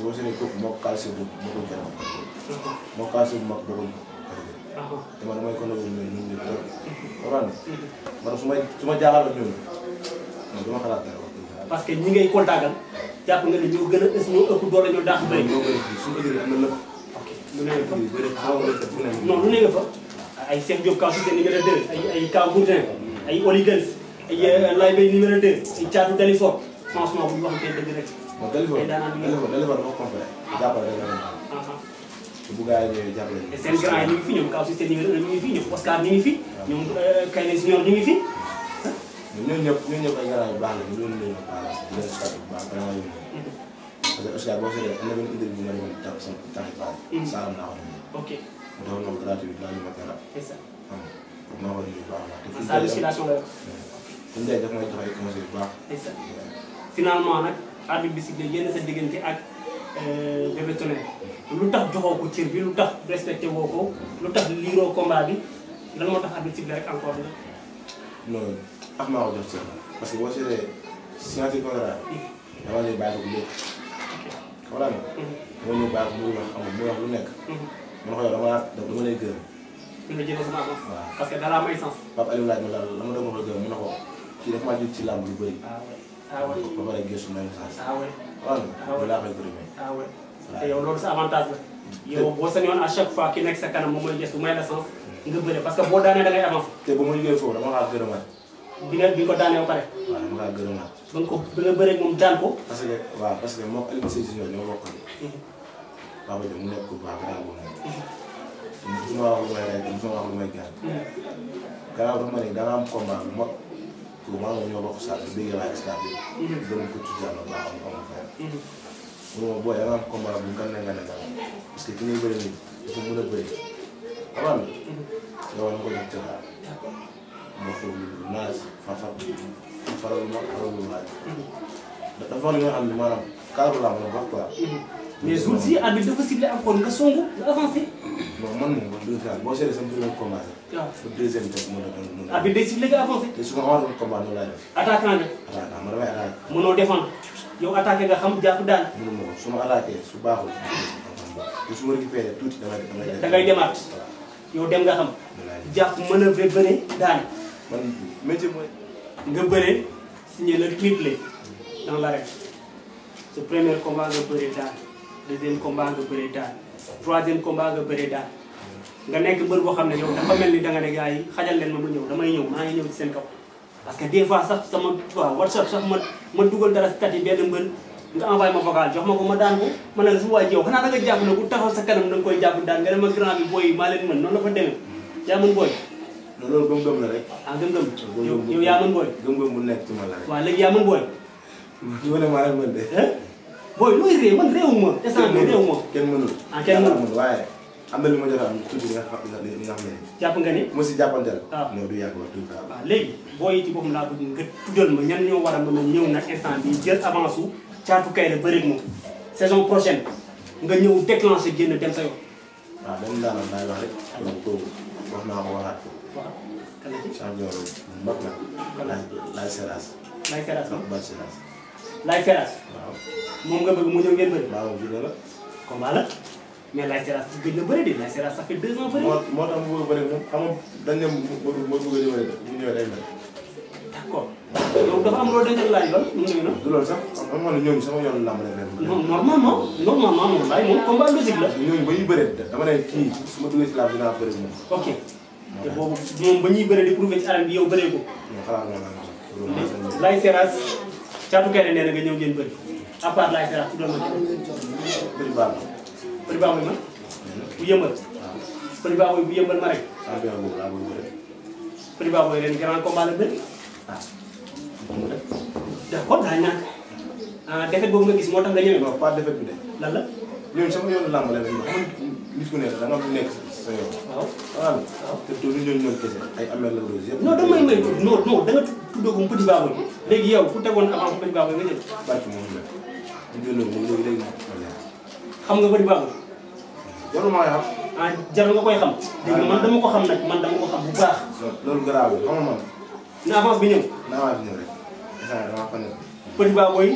su ma sori kooku moo calcium bu moo ko jëloon. moo calcium bu mag boobu. te man damay ko nangoo ñu ñu ñu loolu. xam nga man su ma su ma jaaxal ak ñoom man dama xalaat dara wax dëgg parce que ñi ngay kontaagal jàpp nga ne ñoo gën a ñoo ëpp doole ñoo dàq bëri. ñoo gën a suñu ëllëgee am na lëpp. ok lu ne nga fa non lu ne nga fa ay Cheikh Diop Kaasu Sène numéro 2 ay ay Kaaw Gourdin ay Oli Guèye ay euh, Laye Mbaye numéro 2 ay Thiatou Dalifort franchement bu ñu waxantee dëgg rek moom délivre délivre moo complet jàppale da nga dem. bu gars yi ñëwee jàppale ñu. seen grand yi ñu ngi fi ñoom kaw si seen numéro ñu ngi fi ñoom Oscar ñu ngi fi. ñoom Kayne Junior ñu ngi fi. ñooñu ñëpp ñooñu ñëpp ay garab yu baax la ñu doon leen baax leen baax vraiment yu parce que Oscar boo seetee am na benn idée bu ma demoon tax sama taxi baax saalam naa ko ok mu doon moom gratuit naa ñu ma garab xam naa ko ñu baax la te fu ñu def may jox ay conseil bu baax finalement nag arbitre bi sifflé yéen sa diggante ak euh, Bébé Tonnerre lu tax joxoo ko cër bi lu tax respecté woo ko lu tax liiroo combat bi lan moo parce que boo bàyyi ko bu lépp xam nga. Mhm. dama lay bàyyi ko bu nekk. man mhm. dama laa dama parce que dara am ay sens. Pape Aliou la la ma doon wax mu ne ko kii dafa maa jël ci làmb lu bëri. Ah ah oui ba pare gëstu mel message. ah oui voilà laa koy primé. ah oui te yow loolu sa avantage la. yow boo sañoon à chaque fois ki nekk sa kanam moom mooy gëstu may la sens. nga bëre parce que boo daanee da ngay avancé. te ba ma liggéey foofu dama laa gërëmaat. bi nga bi nga ko daanee ba pare. waaw dama laa gërëmaat. ba nga ko ba nga bëree moom daan ko. parce que waaw parce que moom Alioune Sèye Junior ñoo bokkoon. Mhm. Papa Dia mu nekk ko baax grand bu nekk. Mhm. musuma wax lu may rey musuma wax lu may gaañ. Mhm. gannaaw dafa ma ne da nga am combat bu mag. que maa ngi ñoo bokk saako dégg naa stade bi. ko tuddee na baax am am fayam. Mhm. mu ne ma booy avant combat nga ne nga parce que ki ngay bëri nii dafa mën a bëri. avant bi. Mhm. nga war a ko def ci ma faral lu naaj. Mhm. dafa na baax quoi. mais jour encore nga songu nga avancé. non man moom man deux ans boo seetlee sama premier combat la. waaw deuxième toog moo doon. ah bi day si léegi avancé. te su ma xamoon combat noonu laay def. attaquant nga. yow nga xam jàpp daal. mënuma ma attaqué su baaxul. te su ma tuuti damay damay. da demaat yow dem nga xam. jàpp mën a bëre daal. man métier mooy. nga bëre signé le triplé dans l'arène. sa premier combat nga bëre daal deuxième combat nga bëre daal. troisième combat nga bëree daal nga nekk mbër boo xam ne yow dafa mel ni danga ne gars yi xajal leen ma ma ñëw damay ñëw maa ngi ñëw ci seen kaw. parce que des fois sax sama whatsapp sax ma dugal dara statut yi benn mbër nga envoyé ma vocal ma ko ma da nga jàpp ne sa kanam da nga koy jàpp daan leen mën noonu la fa demee yaa mën booy. loolu gëm-gëm la rek. ah gëm-gëm. yaa mën booy. gëm-gëm bu nekk ci man la rek. waaw léegi yaa mën booy. booy looy réew man réew ma. instant bi réew ma kenn mënul ah kenn mënul waaye am na lu ma jot a am tuuti li nga xam li nga xam ne. jàpp nga ni mu si jàppanteel. waaw ah. non du yàgg wax du ko waaw ah, léegi booy yi ci boppam laa bëgg nga tuddal ma ñan ñoo war a mën a ñëw nag instant bi jël avance su caatu kay la bëri moom saison prochaine nga ñëw déclenché génn dem sa yoon. waaw ah, même daanaka laay wax rek. kooku wax naa ko waraat ko. waaw kan la ci. champion mag na. laay laay Seras. laay Seras laay Seras. laay Seras. waaw. moom nga bëgg mu ñëw ngeen bëri. waaw jigéen la. combat la mais Laye Seras gëj na bëri de Laye Seras ça fait deux ans bëri. moo moo tax mu bëgg a bëri moom xam nga dañ ne a ñëwee de mu ñëwee sax am na moom la. ñooñu ba ñuy bëree ñuy bëree di prouver ci arène bi yow bëree ko. xalaat nga naan Laye Seras caatu keneen nee na nga ñëw ngeen bëri apart part laay Serax ku doon la jël. Përi Ba mooy. Hmm. Përi Ba mooy man. bu yëmbal. Përi Ba ah. ah, nga gis moo tax nga ñëwee. nekk da nga nekk sa ay amel la rose yëpp. non damay may non non da nga tuddagum Petit Baboy léegi yow ku tegoon avant Petit Baboy nga jël. génnoon moom léegi léegi xam nga bëri baaxul. jarul maa xam. ah jarul nga koy xam. léegi ah, man dama ko xam nag man dama ko xam bu baax. loolu garaaw bi xamul man. na avance bi ñëw. na avance bi ñëw rek. instant damaa ko nekk. Petit Baboy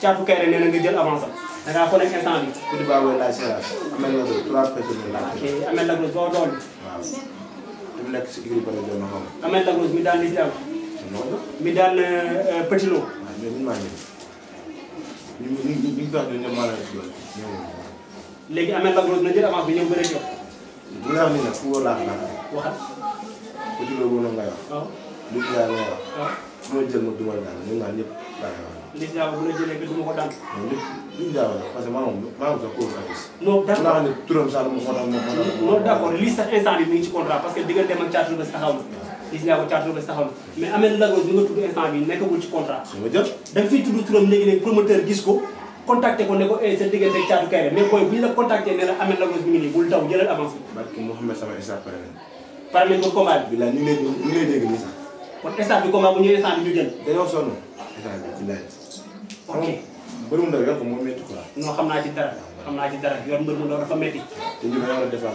caatu kay rek nee na nga jël avance am. da ngaa ko nekk instant bi. Petit Baboy laaj séerase. amel la ko trois personnes laaj. ok amel la ko doo dool. waaw. li mu nekk si kii bi pare doon na xaw ma. amel la ko mi daan li si am. mi daan euh, Petit Lo. waaw mais buñu maa ñëw. ñu ñu ñu tax ñu ne maa leen dugal. léegi Ameth Lac Rose na jël avance bi ñëw bëri ak yow. li nga xam ne nag fu wóor laa xam. waxal. ku ci loolu noonu ngay wax. waaw lu ci laa ngay wax. waaw bu ma jël ma dugal daal ñoom ñaar ñëpp laa koy wax. li ci laa bu la jëlee que du ma ko daan. mais lépp li ci laa wax parce que maanaam maanaam sax kóobu afis. non d' accord nga xam ne turam sax lu ma ko daan. non d' accord lii sax instant bi mi ngi ci contrat parce que diggante ak caatu bés taxaw na. gis naa ko caatu ba taxaw mais amel Ndago bi nga instant bi nekkagul ci contrat. dama jot dag fi fiy tudd turam léegi-léegi promoteur gis ko contacter ko neko ko sa diggante ak chatou kayre mais koy buñ ñu la contacté ne la Ameth Ndago bi ngi nii bul taw jëlal avance barki mohammed sama isa pare nañ. ko combat bi. la ni ngi ni ñu ngi lay dégg nii sax. kon instant bi combat bu ñëwee instant bi ñu jël. dañu sonu instant bi ci lay ok mbër ndaw yakko mo metti ko no xamna ci dara xamna ci dara yor mbeur mu do dafa metti ñu wara a defar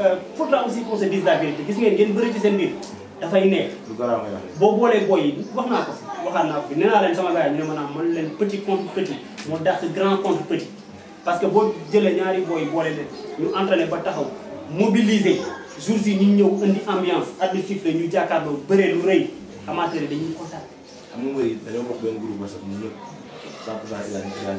Euh, pourtant aussi qu'on se dise la vérité gis ngeen ngeen bëri ci seen biir dafay neex boo boolee boy yi wax naa ko si waxaat naa ko fi nee naa leen sama gars yi ñu ne maanaam man leen petit contre petit moo dàq grand contre petit parce que boo jëlee ñaari boy boole leen ñu entraîné ba taxaw mobiliser jours yi ñu ñëw indi ambiance admissif la ñu jàkkaarloo bëree lu rëy amateur yi dañuy kontaan. xam nga mooy dañoo wax benn groupe WhatsApp ñun ñëpp 100% Iran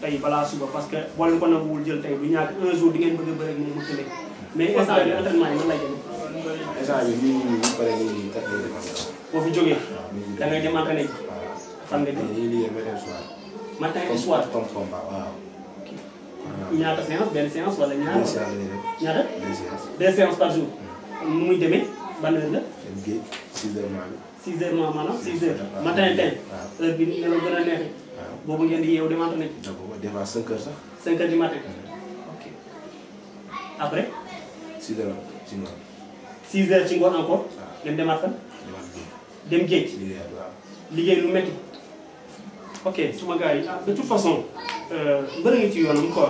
tey balaa suba parce que boo leen ko nanguwul jël tey du ñàkk un jour di ngeen bëgg a bëri moom mu tëddee mais instant bi entraînement yi man lay demee. instant bi nii ñu pare nii kat lay demee. boo fi jógee ah, da ngay dem entraîné ji. Ah. fan nga jëm dañuy liggéey matin soir. matin et soir comme comme combat waaw. ñaata séance benn séance wala ñaar. deux séances ñaata. deux séances. deux séances par jour. Hmm. nu muy demee ban heure la. dem géej 6 heures maanaam. 6 heures maanaam 6 heures. matin et tey. waaw ah. heure bi ni la gën a neexee. boobu ngeen di yeewu demante nañ. d' accord des fois 5 heures sax. 5 heures du matin. ok après. 6 heures ci ngoon. 6 heures ci ngoon dem géej. liggéey lu métti. ok suma gars yi ah de toute façon euh, mbër nga ci yoonam quoi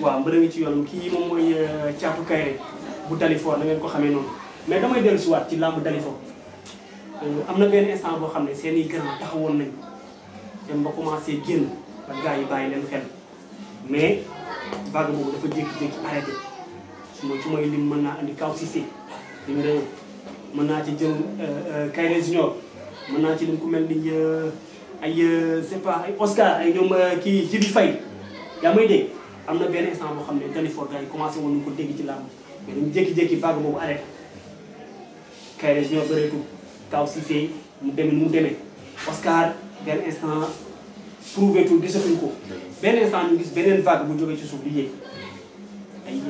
waaw mbër nga ci yoonam kii moom mooy caatu euh, kayre bu Dalifort na ngeen ko xamee noonu mais damay dellusiwaat ci làmb Dalifort euh, am na benn instant boo xam ne seen i grand woon nañ dem ba commencé génn ba gars yi bàyyi leen xel mais vague boobu dafa jékki-jékki arrêté su mooy su may lim mën naa indi kaw si numéro mën naa ci jël euh, euh, Kayre Junior mën naa ci lim ku mel ni euh, ay c'est pas ay Oscar ay ñoom kii Jibi Faye yaa may am na benn instant boo xam ne Danifor gars commencé woon ko dégg ci làmb mais dañu boobu arrêté Kayre Junior demee mu demee Oscar. benn instant prouvé tout gisatuñ ko. benn instant ñu gis beneen vague bu jógee ci suuf di yéeg ay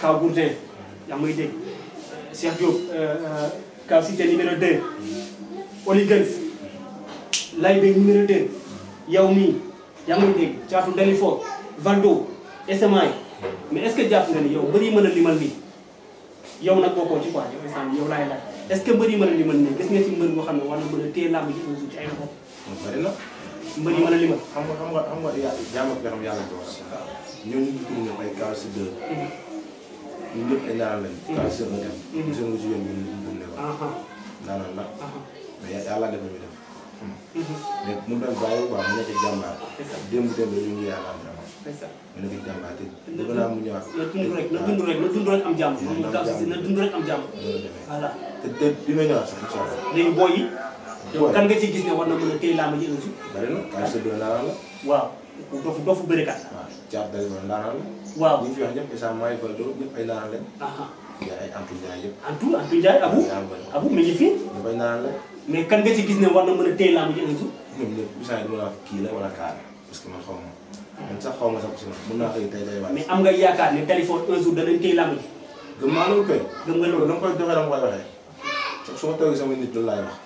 Kaw euh, Gourdin yaa may dégg Cheikh Diop Kaw euh, euh, Cité numéro 2. Oligans Laybé numéro 2 mm-hmm. yow dégg caatu Ndalifo Valdo SMI mm-hmm. mais est-ce nga ni yow bëri mën a limal lii yow nag bokkoo ci quoi yow instant yow laay laaj est-ce que mën a limal nii gis nga ci mbër boo xam ne war mën a téye làmb ji ci ay loxo. bëri na. mbër yi mën a limal. xam nga xam nga xam nga jaam ak garam yàlla doon ñoom ñu ngi ay kaw si dër. ñun ñëpp ay ñaanal lañ. kaw si dër dem. seen wu si yoon bi ñu ngi ne waaw. ñaanal la. Uh-huh. mais yàlla def ñu def. léegi mhm. mu doon bàyyi quoi mu nekk jàmbaar. démb démb ñu ngi yàlla am jàmbaar. mu nekk jàmbaar te dëgg naa mu ñëwaat. na dund rek na ah. dund rek na dund rek am jàmm. na dund rek am jàmm. voilà. te te dina ñëwaat sax incha allah. léegi booy yi. yow kan nga ciy gis ne war na mën a téye làmb ji un jour. bëri na Kaye Séddo ndaanaan la. waaw dofu dofu bërikat la. waaw Thiat Dalifon ndaanaan la. waaw ñu fi wax ñëpp instant Maye Baldo ñëpp ay fi. ñëpp ay mais kan nga ci gis ne war na mën a téye làmb ji un jour. ñoom kii la wala kaar parce xaw ma man xaw ma sax si man mën naa xëy tey day waay. am nga yaakaar ne Dalifon un jour danañ téye làmb ji. gëm naa loolu koy. gëm nga loolu dama koy doxee dama koy waxee. su ma sama nit loolu laay wax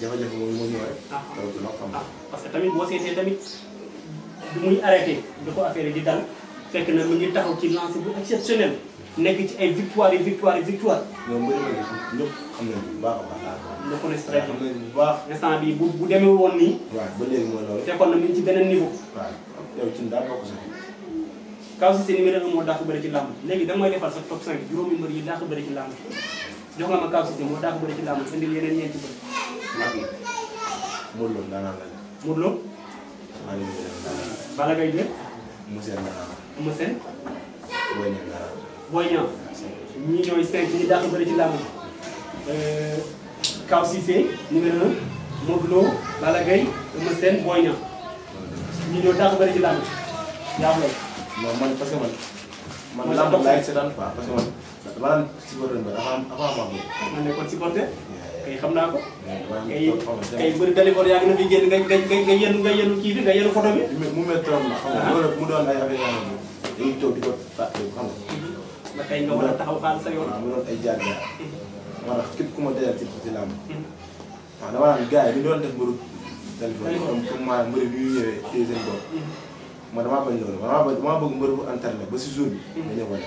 jafe-jafe boobu moo ñëwaat. Ah. loolu du loo ah, parce que tamit boo seetee tamit muy arrêté di ko affaire di daal fekk na mu ngi taxaw ci lancé bu exceptionnel nekk ci ay victoire victoire victoire. ñoom bëri na ñëpp xam nañu bu baax a bu baax. woon nii. waaw ba léegi na mu ci beneen niveau. waaw yow ci daa bokk sax. kaw si seen ci làmb léegi da nga defal sa top 5 juróomi mbër yi dàq bëri ci làmb jox nga ma kaw si seen moo dàq bëri ci làmb indi yeneen ñeenti bëri mag la. Modou Lo daanaan la. Modou Lo. maa ngi leen di leen Balla Gaye 2. Moussène daanaan. Moussène. Boy Niang daanaan. Boy Niang. ñii ci làmb euh, Kaw Cissé numéro 1 Modou Lo Balla Gaye Moussène Boy Niang ci làmb yaa ngi man parce man. man làmb laay seetaan quoi parce que man. dama daan supporter ba avant avant ma. man nekkoon supporter. kay xam naa ko. kay mbëri Dalifort yaa ngi na fi génn nga nga nga nga yenu nga yenu kii bi nga yenu photo bi. mu mel trop la xam nga loolu mu doon ay affaire yoo xam ne dañuy toog di ko fàttali xam nga. tey nga war a taxaw xaal sa yoon. mu doon ay jaar jaar. Hmm. moo tax képp ku ma dajal ci ci làmb. Hmm. waaw dama naan gars yi ñu doon def mbëru Dalifort comme comme maanaam mbëri bi ñu ñëwee téye seen bopp. Hmm. ma damaa bañ loolu ma damaa bañ damaa bëgg mbëru bu entraîné ba si jour bi. nga ñëw